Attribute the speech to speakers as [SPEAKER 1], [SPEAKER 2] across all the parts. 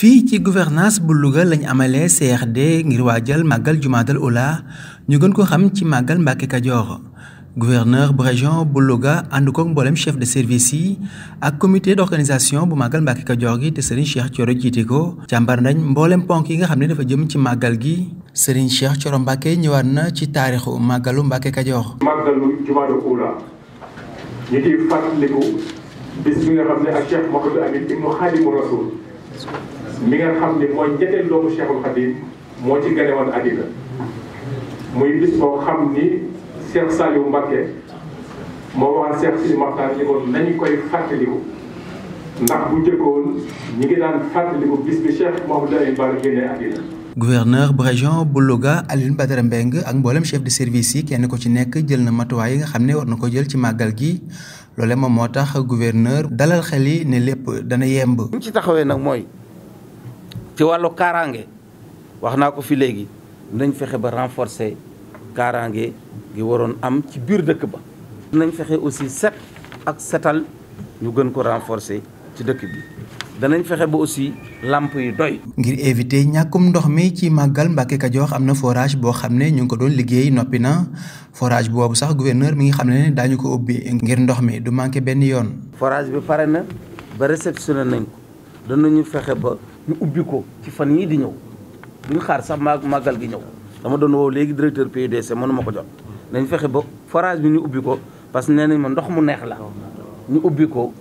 [SPEAKER 1] fii ci gouvernance bu Louga lañ amalee CRD ngir waajal màggal Jumaadal Oula ñu gën ko xam ci màggal Mbàkke Kajoor gouverneur bu région bu Louga ànd koog mboolem chef de service yi ak comité d'organisation bu màggal Mbàkke Kajoor gi te Serigne Cheikh Thioro jiite ko càmbar nañ mboolem ponk yi nga xam ne dafa jëm ci màggal gi Serigne Cheikh Thioro Mbàkke ñëwaat na ci taarixu màggalu Mbàkke Kajoor.
[SPEAKER 2] mi nga xam ni mooy ñetteel doomu Cheikhul Khadim moo ci gane woon muy bis boo xam ni Cheikh Saliou Mbacké moo waxal Cheikh Sidi Maxtaar nañu koy fàttaliku ndax bu njëkkoon ñi ngi daan fàttaliku bis bi Cheikh Mouhamadou Lamine Bara génnee àddina
[SPEAKER 1] gouverneur bu région bu Louga Alioune Badara Mbeng ak mboolem chef de service yi kenn ko ci nekk jël na matuwaay yi nga xam ne war na ko jël ci màggal gi loole moom moo tax gouverneur dalal xel yi ne lépp dana yemb. ci
[SPEAKER 3] taxawee nag mooy. ci wàllu kaaraange wax naa ko fi léegi nañ fexe ba renforcer kaaraange gi waroon am ci biir dëkk ba. nañ fexe aussi set ak setal ñu gën ko renforcer ci dëkk bi danañ fexe ba aussi làmp yi doy.
[SPEAKER 1] ngir éviter ñàkkum ndox mi ci màggal Mbàkke Kajoor am na forage boo xam ne ñu ngi ko doon liggéey noppi na forage boobu sax gouverneur mi ngi xam ne daañu ko ubbi ngir ndox mi du manqué benn yoon.
[SPEAKER 3] forage bi pare na ba réceptionné nañ danañu fexe ba. ñu ubbi ko ci fan yii di ñëw duñu xaar sax ma maggal gi ñëw dama doon woow léegi directeur PUDC mënuma ko jot nañ fexe ba forage bi ñu ubbi ko parce que nee nañ ma ndox mu neex la ñu ubbi ko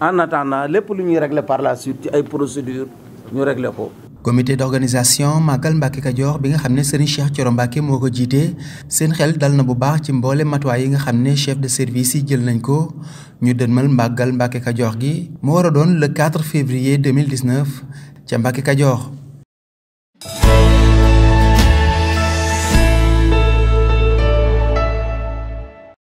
[SPEAKER 3] en attendant lépp lu ñuy régler par la suite ci ay procédure ñu régler ko
[SPEAKER 1] comité d'organisation màggal Mbàkke Kajoor bi nga xam ne Serigne Cheikh Thioro Mbacke moo ko jiite seen xel dal na bu baax ci mboole matuwaay yi nga xam ne chef de service yi jël nañ ko ñu dënmal màggal Mbàkke Kajoor gi mu war a doon le ca Mbàkke Kajoor